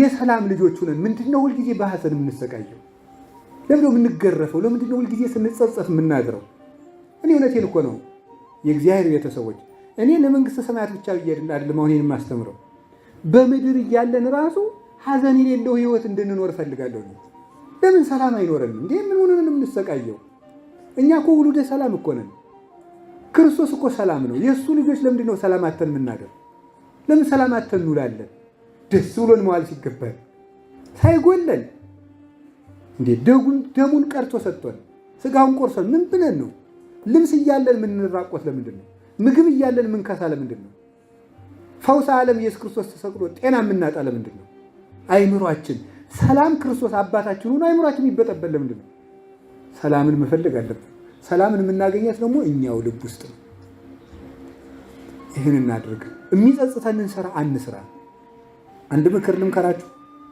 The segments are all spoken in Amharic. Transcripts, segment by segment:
የሰላም ልጆች ሆነን ምንድን ነው ሁልጊዜ በሐሰን የምንሰቃየው? ለምን የምንገረፈው? ለምንድነው ሁልጊዜ ስንጸጸት የምናድረው? እኔ እውነቴን እኮ ነው የእግዚአብሔር ቤተሰቦች፣ እኔ ለመንግሥተ ሰማያት ብቻ ብያድን አይደለም አሁን የማስተምረው በምድር እያለን ራሱ ሐዘን የሌለው ህይወት እንድንኖር እፈልጋለሁ። ለምን ሰላም አይኖረንም እንዴ? ምን ሆነን የምንሰቃየው? እኛ እኮ ውሉደ ሰላም እኮ ነን። ክርስቶስ እኮ ሰላም ነው። የእሱ ልጆች ነው ሰላም አተን የምናደር? ለምን ሰላም አተን እንውላለን? ደስ ብሎን መዋል ሲገባል ሳይጎለን እንዴ ደጉን ደሙን ቀርቶ ሰጥቶን ስጋውን ቆርሶን ምን ብለን ነው? ልብስ እያለን የምንራቆት ለምንድን ነው? ምግብ እያለን የምንከሳ ለምንድን ነው? ፈውሰ ዓለም ኢየሱስ ክርስቶስ ተሰቅሎ ጤና የምናጣ ለምንድን ነው? አይምሯችን ሰላም ክርስቶስ አባታችን ሆኖ አይምሯችን የሚበጠበል ለምንድን ነው? ሰላምን መፈለግ አለብን። ሰላምን የምናገኘት ደግሞ እኛው ልብ ውስጥ ነው። ይህን እናድርግ። የሚጸጽተንን ስራ አንስራ። አንድ ምክር ልምከራችሁ።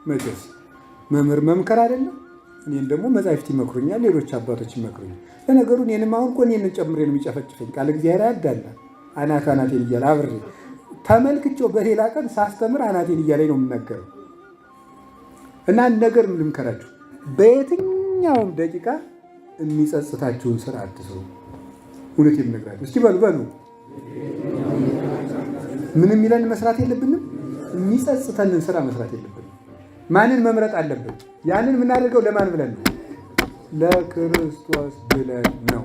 መቼስ መምህር መምከር አይደለም። እኔን ደግሞ መጻሕፍት ይመክሩኛል፣ ሌሎች አባቶች ይመክሩኛል። ለነገሩ እኔንም አሁን እኮ እኔን ጨምሬ ነው የሚጨፈጭፈኝ። ቃል እግዚአብሔር ያዳለ አናት አናቴን እያለ አብሬ ተመልክቼው በሌላ ቀን ሳስተምር አናቴን እያለኝ ነው የምናገረው። እና አንድ ነገር ልምከራችሁ፣ በየትኛውም ደቂቃ የሚጸጽታችሁን ስራ አትስሩ። እውነት የምነግራችሁ እስኪ በሉ በሉ። ምንም ይለን መስራት የለብንም የሚጸጽተንን ስራ መስራት የለብንም። ማንን መምረጥ አለብን? ያንን የምናደርገው ለማን ብለን ነው? ለክርስቶስ ብለን ነው።